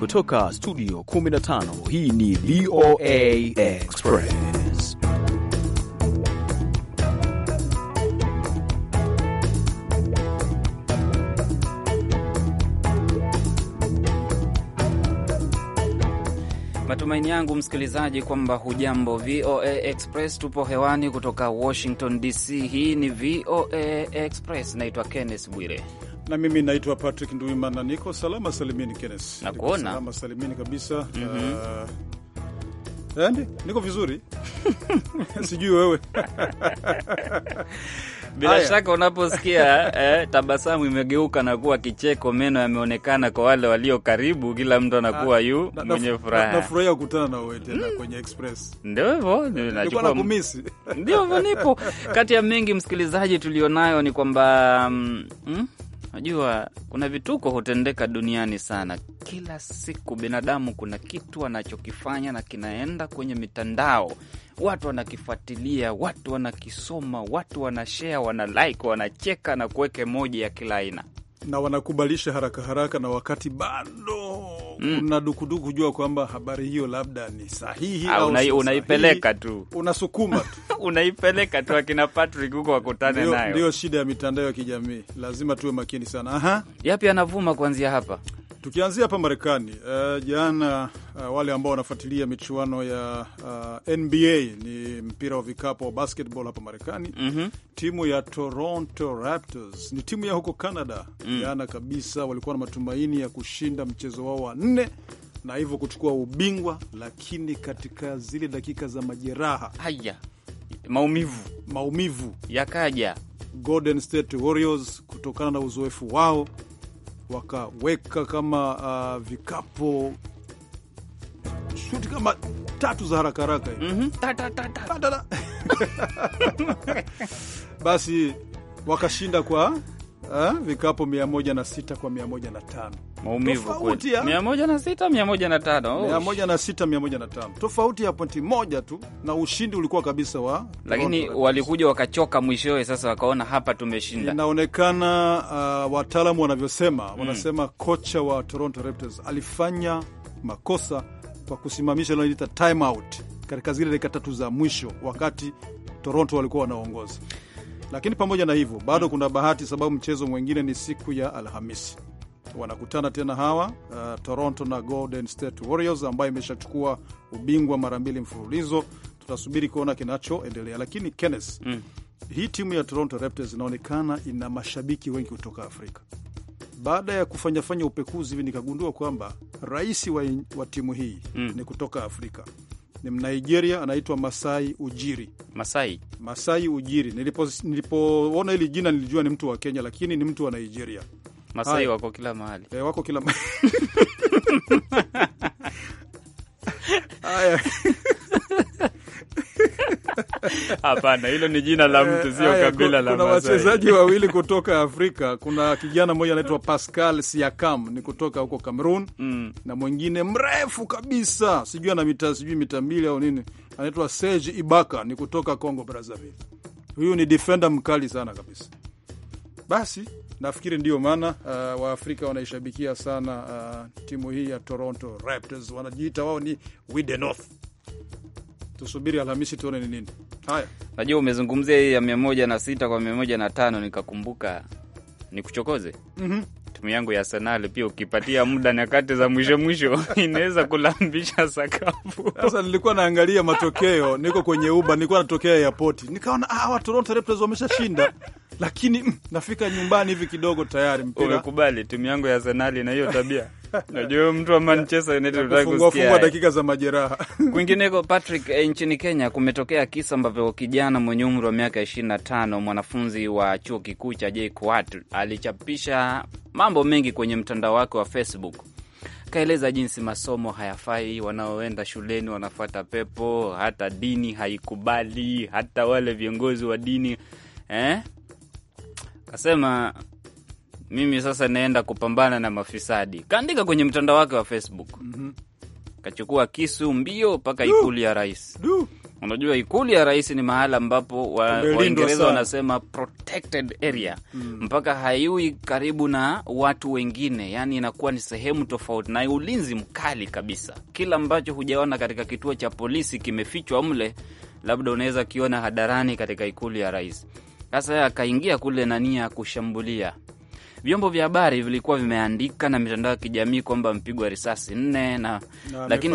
Kutoka studio 15 hii ni VOA Express. Matumaini yangu msikilizaji, kwamba hujambo. VOA Express tupo hewani kutoka Washington DC. Hii ni VOA Express, naitwa Kenneth Bwire na mimi naitwa Patrick Nduimana, niko salama salimini. Kenes, nakuona salama salimini kabisa. mm -hmm. uh, eh, Andi, niko vizuri sijui wewe bila Aya. shaka unaposikia eh, tabasamu imegeuka na kuwa kicheko, meno yameonekana kwa wale walio karibu, kila mtu anakuwa ah, yu mwenye furaha. Nafurahia kukutana na wewe tena mm. kwenye express. Ndio hivyo, eh, ndio hivyo, nipo kati ya mengi msikilizaji tulionayo ni kwamba mm, hmm? Najua kuna vituko hutendeka duniani sana kila siku. Binadamu kuna kitu anachokifanya na kinaenda kwenye mitandao, watu wanakifuatilia, watu wanakisoma, watu wanashea wanalike, wanacheka na kuweka emoji ya kila aina, na wanakubalisha haraka haraka, na wakati bado mm. dukuduku kujua kwamba habari hiyo labda ni sahihi ha, ah, au unaipeleka tu unasukuma tu unaipeleka tu akina Patrick huko wakutane nayo. Ndio shida ya mitandao ya kijamii, lazima tuwe makini sana. Aha, yapi anavuma kuanzia hapa Tukianzia hapa Marekani uh, jana uh, wale ambao wanafuatilia michuano ya uh, eh, NBA ni mpira wa vikapo wa basketball hapa Marekani mm -hmm. Timu ya Toronto Raptors ni timu ya huko Canada mm. Jana kabisa walikuwa na matumaini ya kushinda mchezo wao wa nne na hivyo kuchukua ubingwa, lakini katika zile dakika za majeraha haya, maumivu maumivu yakaja Golden State Warriors kutokana na uzoefu wao wakaweka kama uh, vikapo shuti kama tatu za haraka haraka mm -hmm. Basi wakashinda kwa vikapo vikapu 106 kwa 105. Maumivu kweli. 106 105. 106 Tofauti ya pointi moja tu na ushindi ulikuwa kabisa wa lakini Toronto. Walikuja wakachoka mwishowe, sasa wakaona hapa tumeshinda. Inaonekana uh, wataalamu wanavyosema mm. wanasema Kocha wa Toronto Raptors alifanya makosa kwa kusimamisha linaita timeout katika zile dakika tatu za mwisho wakati Toronto walikuwa wanaongoza. Lakini pamoja na hivyo bado kuna bahati, sababu mchezo mwingine ni siku ya Alhamisi wanakutana tena hawa uh, Toronto na Golden State Warriors ambayo imeshachukua ubingwa mara mbili mfululizo. Tutasubiri kuona kinachoendelea, lakini Kenneth, mm, hii timu ya Toronto Raptors inaonekana ina mashabiki wengi kutoka Afrika. Baada ya kufanyafanya upekuzi hivi, nikagundua kwamba rais wa, wa timu hii mm, ni kutoka Afrika ni Mnigeria anaitwa Masai Ujiri. Masai, Masai Ujiri. Nilipoona nilipo, hili jina nilijua ni mtu wa Kenya, lakini ni mtu wa Nigeria. Masai wako kila mahali e, wako kila mahali. Haya Hapana, hilo ni jina la mtu, sio eh, kabila la Masai. Kuna wachezaji wawili kutoka Afrika. Kuna kijana mmoja anaitwa Pascal Siakam, ni kutoka huko Cameroon mm. na mwingine mrefu kabisa, sijui ana mita sijui mita mbili au nini, anaitwa Serge Ibaka, ni kutoka Congo Brazzaville. Huyu ni defender mkali sana kabisa. Basi nafikiri ndio maana uh, Waafrika wanaishabikia sana uh, timu hii ya Toronto Raptors, wanajiita wao ni we the North. Tusubiri Alhamisi tuone ni nini. Haya, najua umezungumzia hii ya mia moja na sita kwa mia moja na tano nikakumbuka nikuchokoze. mm -hmm. Timu yangu ya Arsenal pia ukipatia muda nyakati za mwisho mwisho inaweza kulambisha sakafu. Sasa nilikuwa naangalia matokeo, niko kwenye uba nilikuwa natokea airport, nikaona ah, Toronto Raptors wameshashinda lakini mm, nafika nyumbani hivi kidogo tayari mpira. Umekubali timu yangu ya Arsenal na hiyo tabia Najua mtu wa Manchester United kufungwa dakika za majeraha. Kwingineko, Patrick, eh, nchini Kenya kumetokea kisa ambavyo kijana mwenye umri wa miaka 25 mwanafunzi wa chuo kikuu cha JKUAT alichapisha mambo mengi kwenye mtandao wake wa Facebook. Kaeleza jinsi masomo hayafai, wanaoenda shuleni wanafuata pepo, hata dini haikubali, hata wale viongozi wa dini eh? Kasema mimi sasa naenda kupambana na mafisadi, kaandika kwenye mtandao wake wa Facebook. mm -hmm. Kachukua kisu mbio mpaka ikulu ya rais. Unajua ikulu ya rais ni mahala ambapo Waingereza wa wanasema protected area mm. mpaka haiwi karibu na watu wengine, yani inakuwa ni sehemu tofauti na ulinzi mkali kabisa. Kila ambacho hujaona katika kituo cha polisi kimefichwa mle, labda unaweza kiona hadarani katika ikulu ya rais. Sasa akaingia kule na nia ya kushambulia vyombo vya habari vilikuwa vimeandika na mitandao ya kijamii kwamba mpigwa risasi nne na, na lakini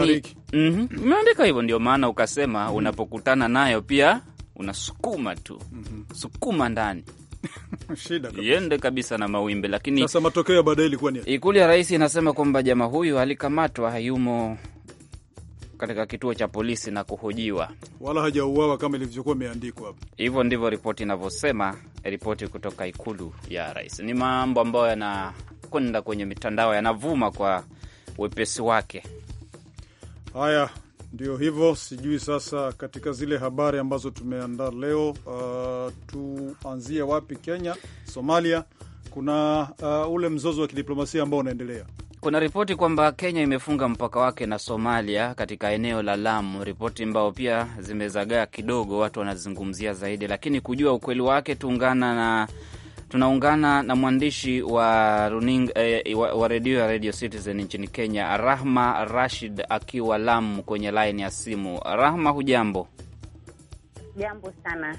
mm -hmm, hivyo, ndio maana ukasema mm -hmm. Unapokutana nayo pia unasukuma tu mm -hmm. Sukuma ndani Shida kabisa. Yende kabisa na mawimbi, lakini sasa matokeo ya baadaye ilikuwa ni ikulu ya rais inasema kwamba jamaa huyu alikamatwa, hayumo katika kituo cha polisi na kuhojiwa, wala hajauawa kama ilivyokuwa imeandikwa Hivyo ndivyo ripoti inavyosema, ripoti kutoka ikulu ya rais. Ni mambo ambayo yanakwenda kwenye mitandao, yanavuma kwa wepesi wake. Haya, ndio hivyo. Sijui sasa, katika zile habari ambazo tumeandaa leo, uh, tuanzie wapi? Kenya, Somalia, kuna uh, ule mzozo wa kidiplomasia ambao unaendelea kuna ripoti kwamba Kenya imefunga mpaka wake na Somalia katika eneo la Lamu, ripoti ambayo pia zimezagaa kidogo, watu wanazungumzia zaidi, lakini kujua ukweli wake tuungana na tunaungana na mwandishi wa runing, eh, wa, wa redio ya Radio Citizen nchini Kenya, Rahma Rashid akiwa Lamu kwenye laini ya simu. Rahma, hujambo? Jambo sana.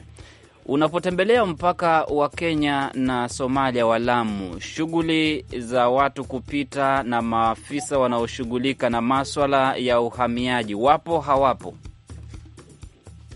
Unapotembelea mpaka wa Kenya na Somalia wa Lamu, shughuli za watu kupita na maafisa wanaoshughulika na maswala ya uhamiaji wapo hawapo?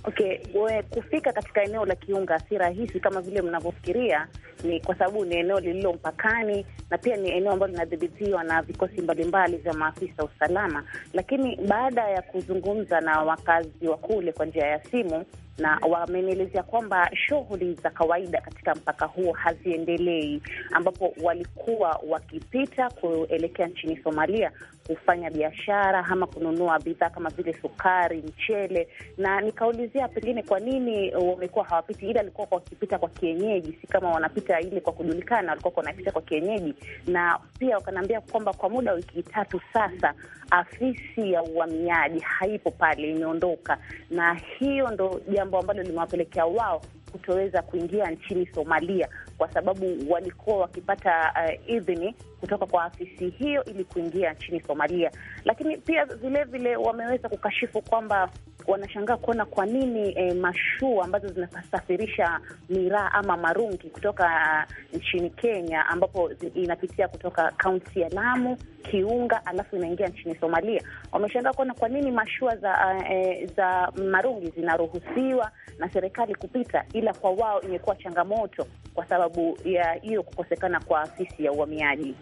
Okay, we, kufika katika eneo la Kiunga si rahisi kama vile mnavyofikiria, ni kwa sababu ni eneo lililo mpakani na pia ni eneo ambalo linadhibitiwa na vikosi mbalimbali vya maafisa usalama. Lakini baada ya kuzungumza na wakazi wa kule kwa njia ya simu, na wameelezea kwamba shughuli za kawaida katika mpaka huo haziendelei, ambapo walikuwa wakipita kuelekea nchini Somalia kufanya biashara ama kununua bidhaa kama vile sukari, mchele, na nikaulizia pengine kwa nini wamekuwa hawapiti, ila alikuwa wakipita kwa kienyeji, si kama wanapita ile kwa kujulikana, walikuwa wanapita kwa kienyeji. Na pia wakanaambia kwamba kwa muda wa wiki tatu sasa afisi ya uhamiaji haipo pale, imeondoka, na hiyo ndo jambo ambalo limewapelekea wao kutoweza kuingia nchini Somalia kwa sababu walikuwa wakipata uh, idhini kutoka kwa afisi hiyo ili kuingia nchini Somalia. Lakini pia vilevile wameweza kukashifu kwamba wanashangaa kuona kwa nini e, mashua ambazo zinasafirisha miraa ama marungi kutoka uh, nchini Kenya ambapo inapitia kutoka kaunti ya Lamu, Kiunga, alafu inaingia nchini Somalia. Wameshangaa kuona kwa nini mashua za, e, za marungi zinaruhusiwa na serikali kupita, ila kwa wao imekuwa changamoto kwa sababu sababu ya hiyo kukosekana kwa afisi ya uhamiaji.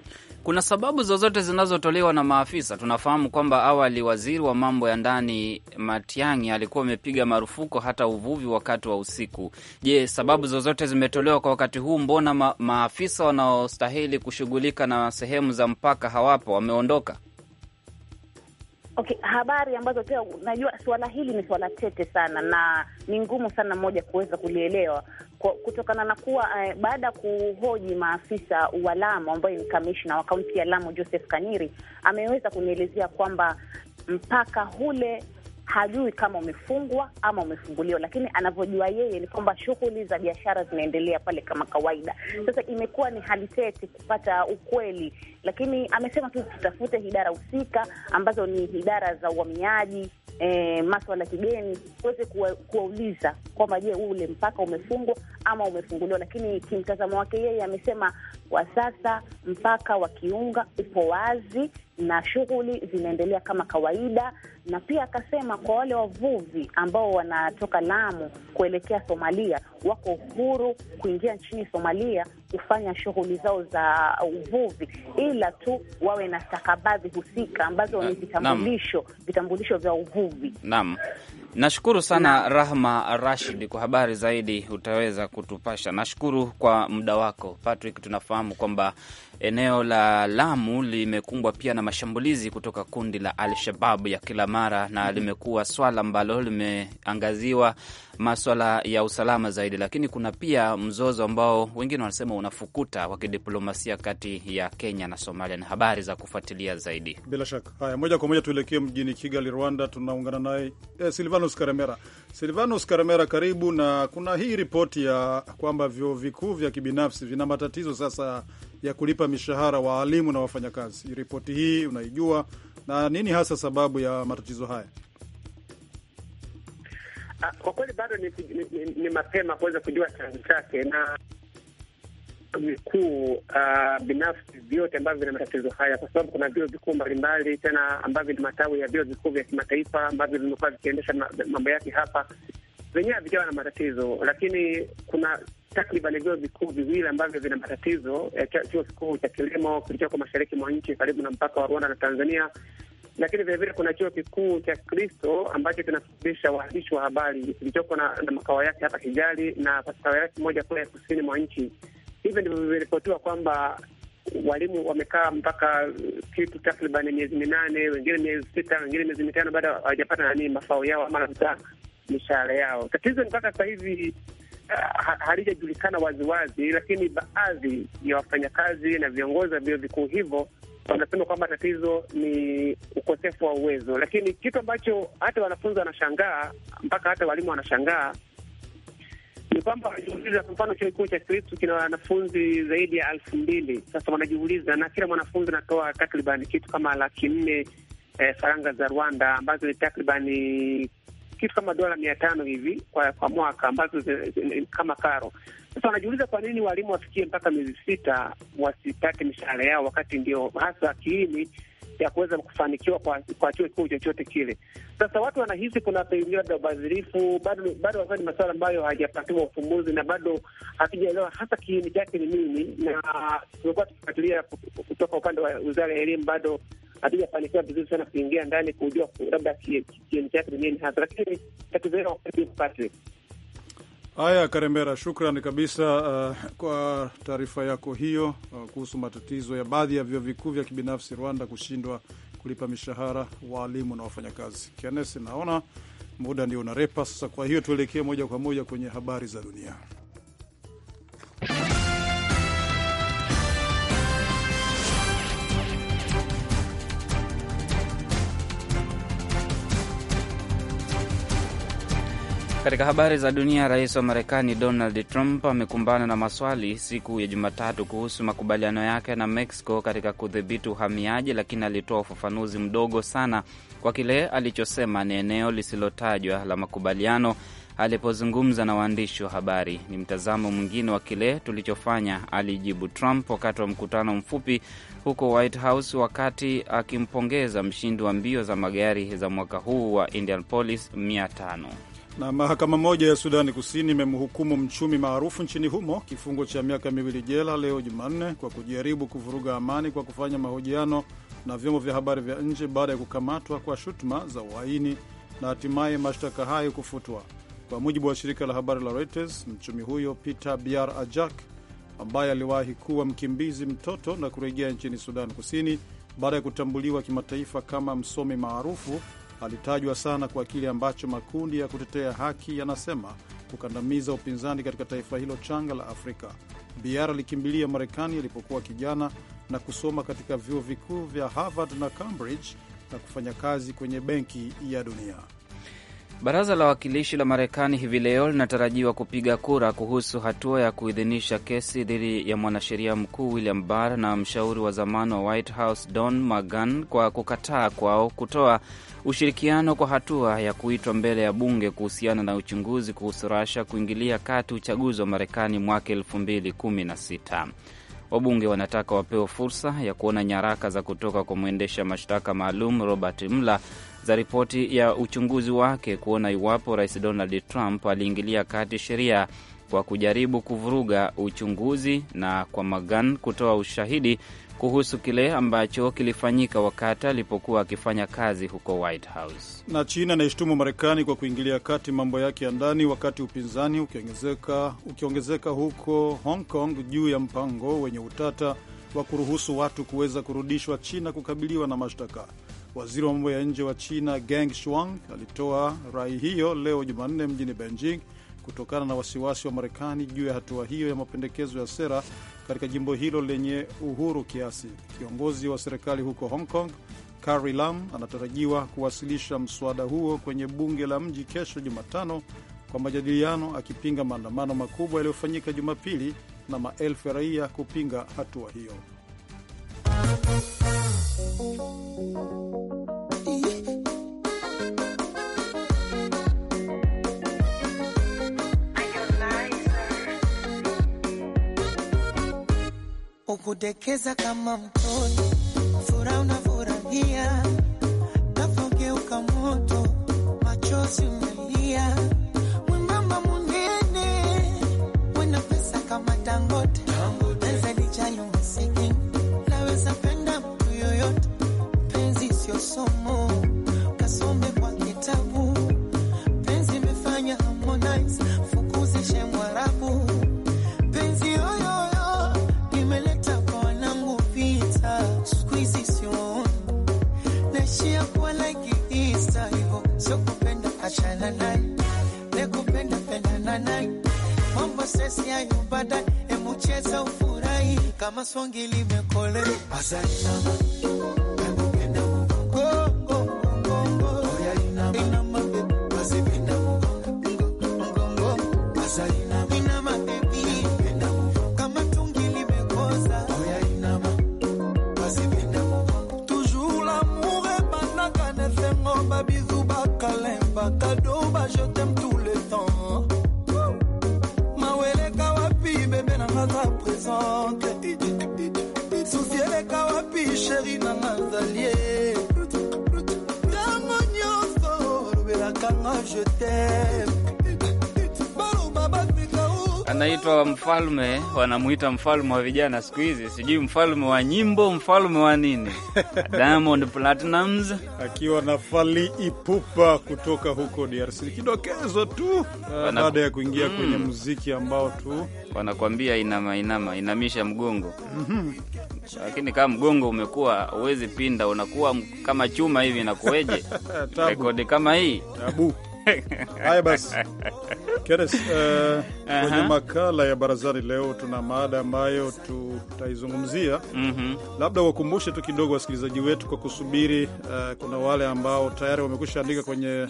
Kuna sababu zozote zinazotolewa na maafisa? Tunafahamu kwamba awali waziri wa mambo ya ndani Matiang'i alikuwa amepiga marufuku hata uvuvi wakati wa usiku. Je, sababu zozote zimetolewa kwa wakati huu? Mbona ma maafisa wanaostahili kushughulika na sehemu za mpaka hawapo, wameondoka? Okay, habari ambazo pia unajua suala hili ni suala tete sana na ni ngumu sana mmoja kuweza kulielewa kutokana na kuwa eh, baada ya kuhoji maafisa wa Lamu ambaye ni kamishna wa kaunti ya Lamu Joseph Kaniri ameweza kunielezea kwamba mpaka hule hajui kama umefungwa ama umefunguliwa, lakini anavyojua yeye ni kwamba shughuli za biashara zinaendelea pale kama kawaida. Sasa imekuwa ni hali tete kupata ukweli, lakini amesema tu tutafute idara husika ambazo ni idara za uhamiaji E, maswala ya kigeni uweze kuwauliza kwamba je, ule mpaka umefungwa ama umefunguliwa. Lakini kimtazamo wake yeye amesema kwa sasa mpaka wa Kiunga upo wazi na shughuli zinaendelea kama kawaida, na pia akasema kwa wale wavuvi ambao wanatoka Lamu kuelekea Somalia wako huru kuingia nchini Somalia kufanya shughuli zao za uvuvi, ila tu wawe na stakabadhi husika ambazo ni vitambulisho, vitambulisho vya uvuvi. Naam. Nashukuru sana Rahma Rashid kwa habari zaidi, utaweza kutupasha. Nashukuru kwa muda wako Patrick. Tunafahamu kwamba eneo la Lamu limekumbwa pia na mashambulizi kutoka kundi la Al shababu ya kila mara, na mm-hmm. limekuwa swala ambalo limeangaziwa maswala ya usalama zaidi, lakini kuna pia mzozo ambao wengine wanasema unafukuta wa kidiplomasia kati ya Kenya na Somalia. Ni habari za kufuatilia zaidi, bila shaka. Haya, moja kwa moja tuelekee mjini Kigali, Rwanda. Tunaungana naye eh, Silvanus Karemera. Silvanus Karemera, karibu. Na kuna hii ripoti ya kwamba vyuo vikuu vya kibinafsi vina matatizo sasa ya kulipa mishahara waalimu na wafanyakazi. Ripoti hii unaijua, na nini hasa sababu ya matatizo haya? Ah, kwa kweli bado ni, ni, ni, ni mapema kuweza kujua chanzo chake na vikuu uh, ah, binafsi vyote ambavyo vina matatizo haya, kwa sababu kuna vyuo vikuu mbalimbali tena ambavyo ni matawi ya vyuo vikuu vya kimataifa ambavyo vimekuwa vikiendesha mambo yake hapa, venyewe havijawa na matatizo, lakini kuna takriban vyuo vikuu viwili ambavyo vina matatizo. Eh, chuo kikuu cha kilimo kilichoko mashariki mwa nchi karibu na mpaka wa Rwanda na Tanzania lakini vilevile kuna chuo kikuu cha Kristo ambacho kinafundisha waandishi wa habari kilichoko na, na makao yake hapa Kigali na makao yake moja kule kusini mwa nchi. Hivyo ndivyo vimeripotiwa kwamba walimu wamekaa mpaka kitu takriban miezi minane, wengine miezi sita, wengine miezi mitano, bado hawajapata nani mafao yao ama mishahara yao. Tatizo ni mpaka sasa hivi ah, halijajulikana waziwazi, lakini baadhi ya wafanyakazi na viongozi wa vyuo vikuu hivyo wanasema kwamba tatizo ni ukosefu wa uwezo, lakini kitu ambacho hata wanafunzi wanashangaa mpaka hata walimu wanashangaa ni kwamba wanajiuliza. Kwa mfano, chuo kikuu cha Kristu kina wanafunzi zaidi ya elfu mbili. Sasa wanajiuliza, na kila mwanafunzi anatoa takriban kitu kama laki nne eh, faranga za Rwanda ambazo ni takribani kitu kama dola mia tano hivi kwa, kwa mwaka ambazo kama karo. Sasa wanajiuliza kwa nini walimu wafikie mpaka miezi sita wasipate mishahara yao, wakati ndio hasa kiini ya kuweza kufanikiwa kwa, kwa chuo kikuu chochote kile. Sasa watu wanahisi kuna pengine labda ubadhirifu, bado bado ni masuala ambayo hajapatiwa ufumbuzi na bado hatujaelewa hasa kiini chake ni nini, na tumekuwa tukifuatilia kutoka upande wa wizara ya elimu, bado hatujafanikiwa vizuri sana kuingia ndani kujua labda kiini chake ni nini hasa, lakini tatizo hilo Patrick Haya, Karembera, shukran kabisa uh, kwa taarifa yako hiyo uh, kuhusu matatizo ya baadhi ya vyuo vikuu vya kibinafsi Rwanda kushindwa kulipa mishahara waalimu na wafanyakazi. Kenes, naona muda ndio unarepa sasa, kwa hiyo tuelekee moja kwa moja kwenye habari za dunia. Katika habari za dunia, rais wa Marekani Donald Trump amekumbana na maswali siku ya Jumatatu kuhusu makubaliano yake na Mexico katika kudhibiti uhamiaji, lakini alitoa ufafanuzi mdogo sana kwa kile alichosema ni eneo lisilotajwa la makubaliano alipozungumza na waandishi wa habari. Ni mtazamo mwingine wa kile tulichofanya, alijibu Trump wakati wa mkutano mfupi huko White House, wakati akimpongeza mshindi wa mbio za magari za mwaka huu wa Indianapolis 500. Na mahakama moja ya Sudani Kusini imemhukumu mchumi maarufu nchini humo kifungo cha miaka miwili jela leo Jumanne kwa kujaribu kuvuruga amani kwa kufanya mahojiano na vyombo vya habari vya nje baada ya kukamatwa kwa shutuma za uhaini na hatimaye mashtaka hayo kufutwa. Kwa mujibu wa shirika la habari la Reuters, mchumi huyo Peter Biar Ajak ambaye aliwahi kuwa mkimbizi mtoto na kurejea nchini Sudan Kusini baada ya kutambuliwa kimataifa kama msomi maarufu alitajwa sana kwa kile ambacho makundi ya kutetea haki yanasema kukandamiza upinzani katika taifa hilo changa la Afrika. Biara alikimbilia Marekani alipokuwa kijana na kusoma katika vyuo vikuu vya Harvard na Cambridge na kufanya kazi kwenye Benki ya Dunia. Baraza la Wawakilishi la Marekani hivi leo linatarajiwa kupiga kura kuhusu hatua ya kuidhinisha kesi dhidi ya mwanasheria mkuu William Barr na mshauri wa zamani wa White House Don McGahn kwa kukataa kwao kutoa ushirikiano kwa hatua ya kuitwa mbele ya bunge kuhusiana na uchunguzi kuhusu Rasha kuingilia kati uchaguzi wa Marekani mwaka 216 Wabunge wanataka wapewe fursa ya kuona nyaraka za kutoka kwa mwendesha mashtaka maalum Robert Mueller za ripoti ya uchunguzi wake kuona iwapo Rais Donald Trump aliingilia kati sheria kwa kujaribu kuvuruga uchunguzi na kwa Magan kutoa ushahidi kuhusu kile ambacho kilifanyika wakati alipokuwa akifanya kazi huko White House. Na China inaishtumu Marekani kwa kuingilia kati mambo yake ya ndani, wakati upinzani ukiongezeka ukiongezeka huko Hong Kong juu ya mpango wenye utata wa kuruhusu watu kuweza kurudishwa China kukabiliwa na mashtaka. Waziri wa mambo ya nje wa China Geng Shuang alitoa rai hiyo leo Jumanne mjini Beijing kutokana na wasiwasi wa Marekani juu ya hatua hiyo ya mapendekezo ya sera katika jimbo hilo lenye uhuru kiasi. Kiongozi wa serikali huko Hong Kong Carrie Lam anatarajiwa kuwasilisha mswada huo kwenye bunge la mji kesho Jumatano kwa majadiliano, akipinga maandamano makubwa yaliyofanyika Jumapili na maelfu ya raia kupinga hatua hiyo. nakudekeza kama mtoni, furaha unafurahia, napogeuka moto, machozi umelia, mwembamba munene, wena pesa kama Dangote maswangi limekolea Anaitwa mfalme, wanamuita mfalme wa vijana siku hizi, sijui mfalme wa nyimbo, mfalme wa nini Diamond Platnumz akiwa na Fali Ipupa kutoka huko DRC. Kidokezo tu eh, baada Wana... ya kuingia mm, kwenye muziki ambao tu wanakwambia inama, inama, inamisha mgongo mhm. lakini kama mgongo umekuwa uwezi pinda, unakuwa kama chuma hivi, inakuweje rekodi kama hii Tabu. Haya basi, Keres, uh, eh, uh -huh. Kwenye makala ya barazani leo tuna mada ambayo tutaizungumzia mm -hmm. Labda wakumbushe tu kidogo wasikilizaji wetu kwa kusubiri. Uh, kuna wale ambao tayari wamekwisha andika kwenye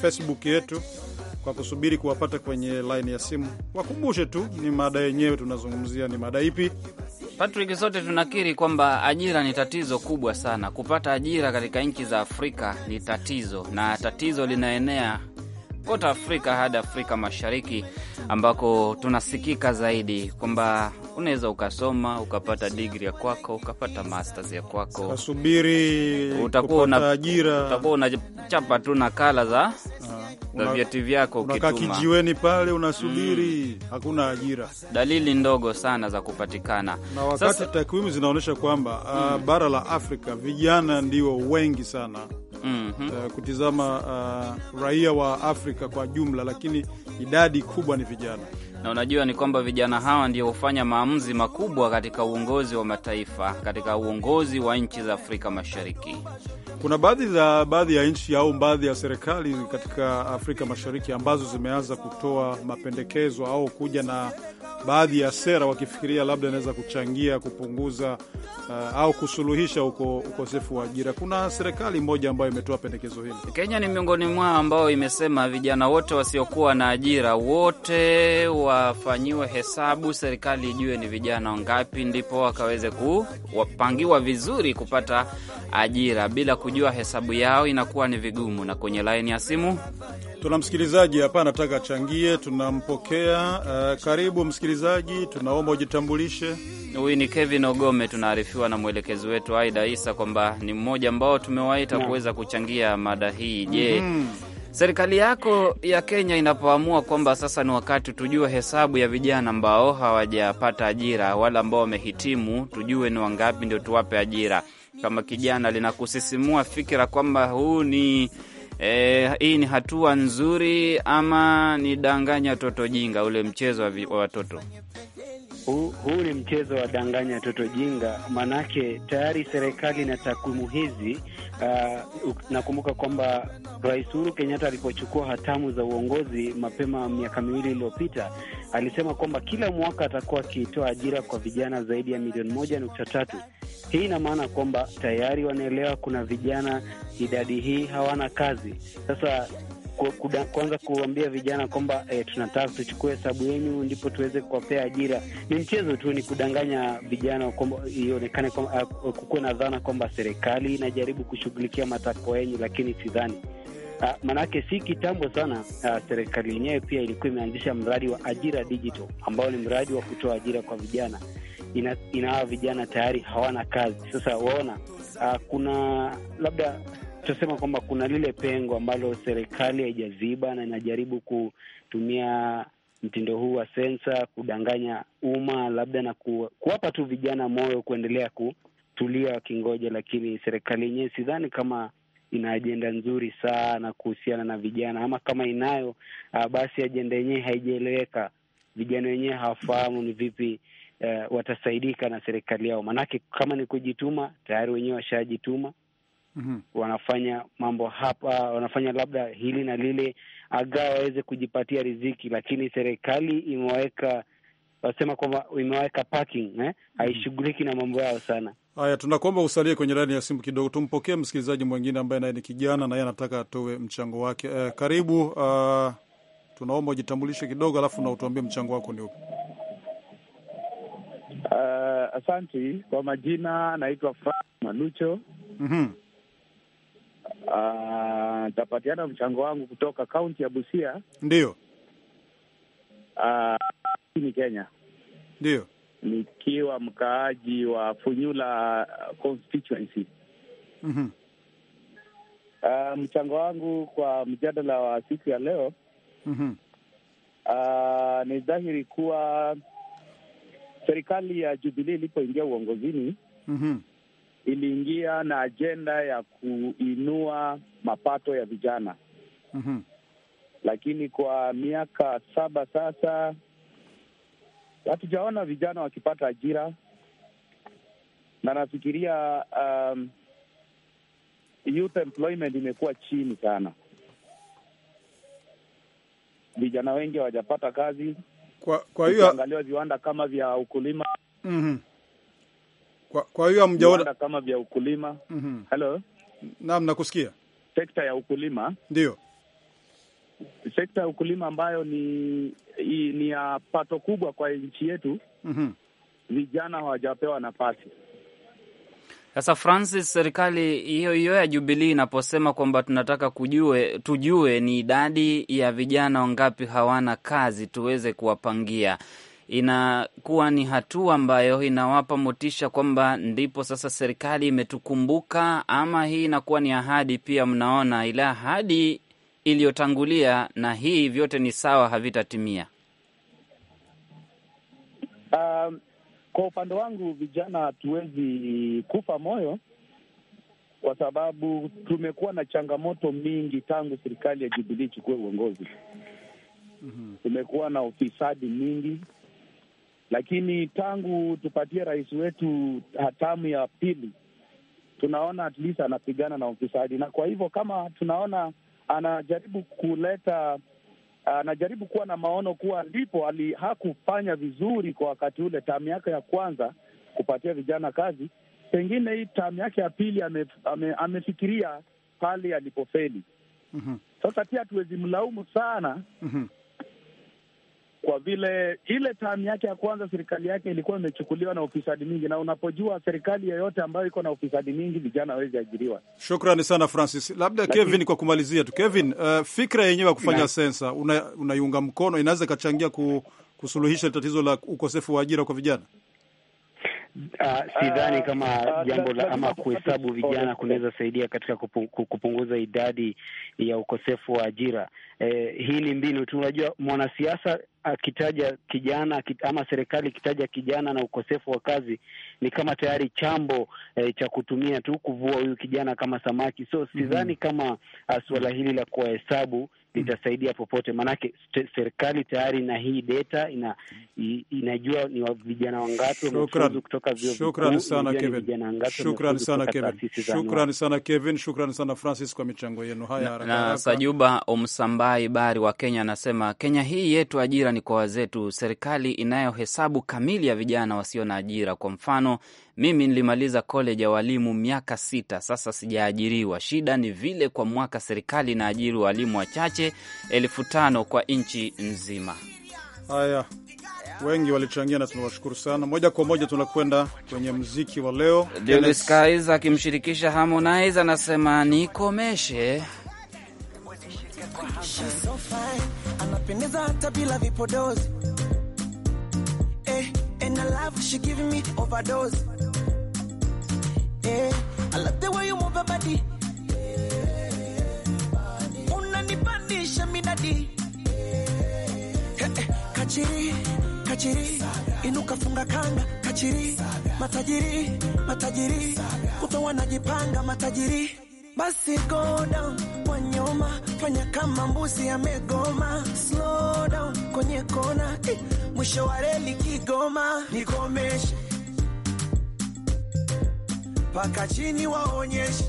Facebook yetu kwa kusubiri kuwapata kwenye laini ya simu. Wakumbushe tu ni mada yenyewe tunazungumzia ni mada ipi Patrick, sote tunakiri kwamba ajira ni tatizo kubwa sana. Kupata ajira katika nchi za Afrika ni tatizo, na tatizo linaenea kote Afrika hadi Afrika Mashariki, ambako tunasikika zaidi, kwamba unaweza ukasoma ukapata digri ya kwako ukapata masters ya kwako, ukasubiri utakuwa una ajira, utakuwa unachapa tu nakala za ah, za vyeti vyako, ukikaa kijiweni pale unasubiri mm. Hakuna ajira, dalili ndogo sana za kupatikana. Na wakati takwimu zinaonyesha kwamba mm. uh, bara la Afrika vijana ndio wengi sana mm -hmm. uh, kutizama uh, raia wa Afrika kwa jumla, lakini idadi kubwa ni vijana na unajua ni kwamba vijana hawa ndio hufanya maamuzi makubwa katika uongozi wa mataifa, katika uongozi wa nchi za Afrika Mashariki. Kuna baadhi za baadhi ya nchi au baadhi ya serikali katika Afrika Mashariki ambazo zimeanza kutoa mapendekezo au kuja na baadhi ya sera wakifikiria labda inaweza kuchangia kupunguza uh, au kusuluhisha uko, ukosefu wa ajira. Kuna serikali moja ambayo imetoa pendekezo hili. Kenya ni miongoni mwao ambao imesema vijana wote wasiokuwa na ajira wote wafanyiwe hesabu, serikali ijue ni vijana wangapi, ndipo wakaweze kuwapangiwa vizuri kupata ajira. Bila kujua hesabu yao inakuwa ni vigumu. Na kwenye laini ya simu tuna msikilizaji hapa anataka achangie, tunampokea. Uh, karibu msikilizaji msikilizaji, tunaomba ujitambulishe. Huyu ni Kevin Ogome. Tunaarifiwa na mwelekezi wetu Aida Isa kwamba ni mmoja ambao tumewaita kuweza kuchangia mada hii. Je, mm -hmm. Serikali yako ya Kenya inapoamua kwamba sasa ni wakati tujue hesabu ya vijana ambao hawajapata ajira, wale ambao wamehitimu, tujue ni wangapi ndio tuwape ajira. Kama kijana linakusisimua fikira kwamba huu ni E, hii ni hatua nzuri ama ni danganya toto jinga, ule mchezo wa watoto huu, huu ni mchezo wa danganya toto jinga, maanake tayari serikali na takwimu hizi uh, nakumbuka kwamba Rais Uhuru Kenyatta alipochukua hatamu za uongozi mapema miaka miwili iliyopita alisema kwamba kila mwaka atakuwa akitoa ajira kwa vijana zaidi ya milioni moja nukta tatu. Hii ina maana kwamba tayari wanaelewa kuna vijana idadi hii hawana kazi. Sasa kuanza kuambia vijana kwamba eh, tunataka tuchukue hesabu yenu ndipo tuweze kuwapea ajira, ni mchezo tu, ni kudanganya vijana kwamba ionekane ah, kukuwa na dhana kwamba serikali inajaribu kushughulikia matakwa yenu, lakini sidhani. Uh, ah, maanake si kitambo sana uh, serikali yenyewe pia ilikuwa imeanzisha mradi wa ajira digital ambao ni mradi wa kutoa ajira kwa vijana ina, inawa vijana tayari hawana kazi. Sasa waona uh, kuna labda tutasema kwamba kuna lile pengo ambalo serikali haijaziba na inajaribu kutumia mtindo huu wa sensa kudanganya umma, labda na ku, kuwapa tu vijana moyo kuendelea kutulia wakingoja, lakini serikali yenyewe sidhani kama ina ajenda nzuri sana kuhusiana na vijana, ama kama inayo ah, basi ajenda yenyewe haijaeleweka. Vijana wenyewe hawafahamu ni vipi uh, watasaidika na serikali yao, maanake kama ni kujituma tayari wenyewe washajituma mm -hmm. wanafanya mambo hapa, wanafanya labda hili na lile, agaa waweze kujipatia riziki, lakini serikali imeweka wasema kwamba imewaweka parking eh, mm-hmm. haishughuliki na mambo yao sana. Haya, tunakuomba usalie kwenye laini ya simu kidogo, tumpokee msikilizaji mwingine ambaye naye ni kijana, naye anataka atoe mchango wake. Eh, karibu. Uh, tunaomba ujitambulishe kidogo, alafu na utuambie mchango wako ni upi. Uh, ah, asanti kwa majina, naitwa Frank mm -hmm. Ah, nitapatiana mchango wangu kutoka kaunti ya Busia, ndio ah, nchini Kenya, ndio nikiwa mkaaji wa Funyula constituency. mm -hmm. uh, mchango wangu kwa mjadala wa siku ya leo mm -hmm. uh, ni dhahiri kuwa serikali ya Jubilee ilipoingia uongozini mm -hmm iliingia na ajenda ya kuinua mapato ya vijana mm -hmm. Lakini kwa miaka saba sasa hatujaona vijana wakipata ajira, na nafikiria um, youth employment imekuwa chini sana, vijana wengi hawajapata kazi. Kwa hiyo angaliwa viwanda kama vya ukulima mm -hmm. Kwa, kwa hiyo hamjaona kama vya ukulima. mm -hmm. Hello, naam, nakusikia. Sekta ya ukulima ndio sekta ya ukulima ambayo ni ni ya pato kubwa kwa nchi yetu. mm -hmm. Vijana hawajapewa nafasi. Sasa Francis, serikali hiyo hiyo ya jubilii inaposema kwamba tunataka kujue, tujue ni idadi ya vijana wangapi hawana kazi tuweze kuwapangia inakuwa ni hatua ambayo inawapa motisha kwamba ndipo sasa serikali imetukumbuka, ama hii inakuwa ni ahadi pia? Mnaona ila ahadi iliyotangulia na hii vyote ni sawa, havitatimia. Um, kwa upande wangu vijana hatuwezi kufa moyo kwa sababu tumekuwa na changamoto mingi tangu serikali ya Jubilee chukue uongozi. Mm -hmm. Tumekuwa na ufisadi mingi lakini tangu tupatie rais wetu hatamu ya pili, tunaona at least anapigana na ufisadi, na kwa hivyo kama tunaona anajaribu kuleta anajaribu kuwa na maono kuwa ndipo ali hakufanya vizuri kwa wakati ule tamu yake ya kwanza kupatia vijana kazi, pengine hii tamu yake ya pili ame, ame, amefikiria pale alipofeli. mm -hmm. Sasa pia hatuwezi mlaumu sana mm -hmm kwa vile ile taamu yake ya kwanza serikali yake ilikuwa imechukuliwa na ufisadi mingi, na unapojua serikali yoyote ambayo iko na ufisadi mingi, vijana hawezi ajiriwa. Shukrani sana Francis. Labda Lakin... Kevin, kwa kumalizia tu Kevin, uh, fikra yenyewe ya kufanya sensa unaiunga una mkono, inaweza ikachangia ku, kusuluhisha tatizo la ukosefu wa ajira kwa vijana? Uh, sidhani ah, kama uh, jambo la ama kuhesabu vijana kunaweza saidia katika kupunguza idadi ya ukosefu wa ajira. Eh, hii ni mbinu tu. Unajua, mwanasiasa akitaja kijana ama serikali ikitaja kijana na ukosefu wa kazi ni kama tayari chambo eh, cha kutumia tu kuvua huyu kijana kama samaki. So sidhani mm -hmm. kama suala hili la kuwahesabu litasaidia popote, maanake serikali tayari na hii data ina, inajua ni vijana wangapi wamefuzu kutoka vyuo vikuu. sana Kevin, shukrani sana Kevin, sana Kevin, sana Francis kwa michango yenu. Haya, na, na Sajuba Omsambai Bari wa Kenya anasema Kenya hii yetu ajira ni kwa wazetu, serikali inayo hesabu kamili ya vijana wasio na ajira. Kwa mfano mimi nilimaliza koleji ya walimu miaka sita, sasa sijaajiriwa. Shida ni vile kwa mwaka serikali inaajiri walimu wachache wachache elfu tano kwa nchi nzima. Haya, wengi walichangia na tunawashukuru sana. Moja kwa moja tunakwenda kwenye mziki wa leo. Julius akimshirikisha Harmonize anasema nikomeshe minadi shaminadi kachiri kachiri inuka funga kanga kachiri matajiri matajiri kutoa najipanga matajiri basi go down wanyoma fanya kama mbuzi megoma slow down kwenye kona eh, mwisho wa reli Kigoma nikomeshe paka chini waonyeshe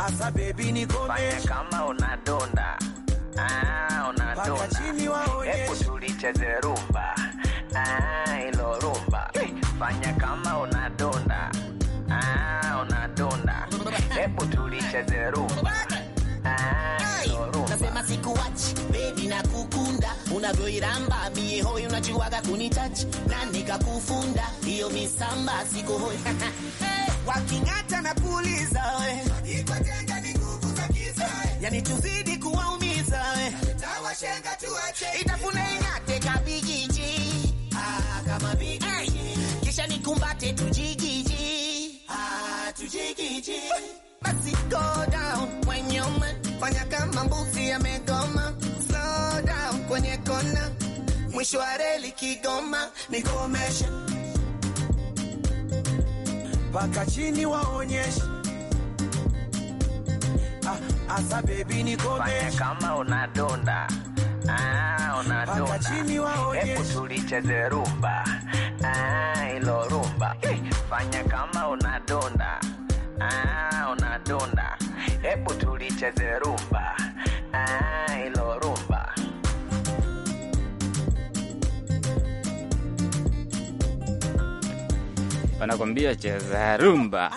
Asa baby nikomeshe kama unadonda. Ah, unadonda. Chini waonyeshe. Hebu tulicheze rumba. Ah, ilo rumba. Fanya kama unadonda. Ah, unadonda. Hebu tulicheze rumba. Ah, ilo rumba. Nasema sikuachi, baby na kukunda. Unavyoiramba mie hoi unachiwaga kunitachi. Na nikakufunda, hiyo misamba siku hoi hey. Waking'ata na puliza we. Eh yani tuzidi kuwaumiza, tawashenga tuache, itafuna ing'ate kabijiji ah, kama vijiji hey, kisha nikumbate tujigiji ah, tujigiji basi go down kwenye uma, fanya kama mbuzi amegoma, slow down kwenye kona, mwisho wa reli Kigoma, nikomesha paka chini waonyesha asa baby nikoje kama unadonda Ah, unadonda chini waoje, hebu tulicheze rumba ah, ilo rumba Fanya kama unadonda ah, unadonda hebu tulicheze rumba ah, ilo rumba wanakwambia cheza rumba.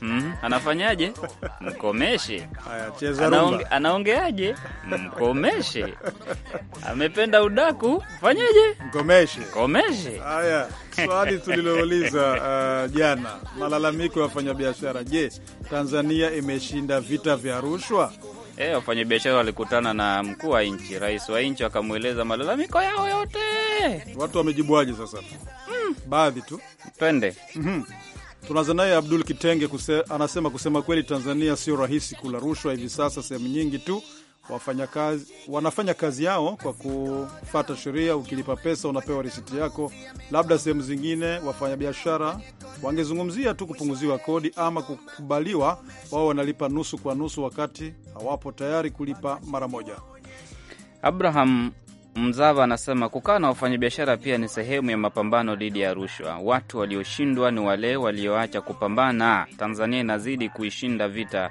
Mm, anafanyaje? Mkomeshe. Anaonge, anaongeaje? Mkomeshe. Amependa udaku, fanyeje? Mkomeshe. Mkomeshe. Haya, swali tulilouliza uh, jana, malalamiko ya wafanyabiashara. Je, Tanzania imeshinda vita vya rushwa? E, wafanyabiashara walikutana na mkuu wa nchi, rais wa nchi, wakamweleza malalamiko yao yote. Watu wamejibuaje sasa? baadhi tu twende. mm -hmm. Tunaanza naye Abdul Kitenge kuse, anasema kusema kweli Tanzania sio rahisi kula rushwa hivi sasa. Sehemu nyingi tu wafanya kazi, wanafanya kazi yao kwa kufata sheria. Ukilipa pesa unapewa risiti yako. Labda sehemu zingine wafanyabiashara wangezungumzia tu kupunguziwa kodi ama kukubaliwa wao wanalipa nusu kwa nusu, wakati hawapo tayari kulipa mara moja. Abraham Mzava anasema kukaa na wafanyabiashara pia ni sehemu ya mapambano dhidi ya rushwa. Watu walioshindwa ni wale walioacha kupambana. Tanzania inazidi kuishinda vita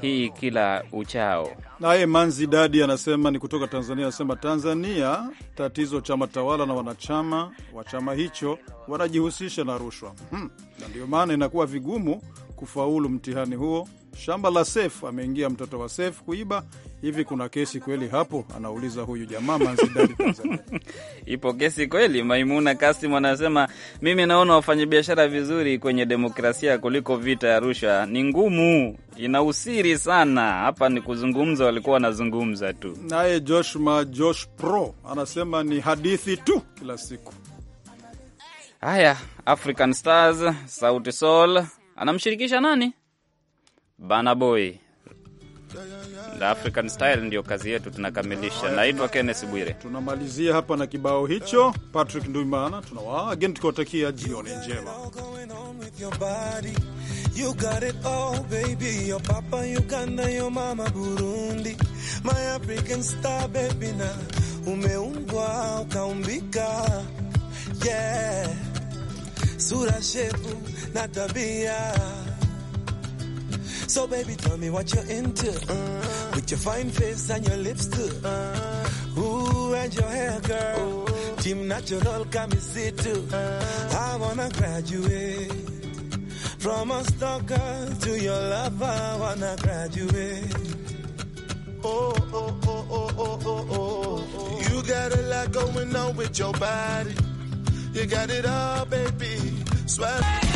hii kila uchao. Naye Manzi Dadi anasema ni kutoka Tanzania, anasema Tanzania tatizo chama tawala na wanachama wa chama hicho wanajihusisha na rushwa, hmm. na ndio maana inakuwa vigumu kufaulu mtihani huo. Shamba la Sef, ameingia mtoto wa Sef kuiba. Hivi kuna kesi kweli hapo? Anauliza huyu jamaa Manzidari, Tanzania. Ipo kesi kweli? Maimuna Kasim anasema mimi naona wafanyabiashara vizuri kwenye demokrasia kuliko vita ya rushwa. Ni ngumu, ina usiri sana. Hapa ni kuzungumza, walikuwa wanazungumza tu. Naye Josh ma Josh Pro anasema ni hadithi tu kila siku. Haya, African Stars, Sauti Sol anamshirikisha nani? bana Boy. The African Style ndio kazi yetu, tunakamilisha. Naitwa Kenneth Bwire. Tunamalizia hapa na kibao hicho. Patrick Nduimana, again, tukiwatakia jioni njema. sura, shepu na tabia. So baby, tell me what you're into uh, with your fine face and your lips too. Uh, ooh, and your hair, girl. Team natural, come and see too. I wanna graduate from a stalker to your lover. I wanna graduate. Oh, oh, oh, oh, oh, oh, oh. You got a lot going on with your body. You got it all, baby. Sweat.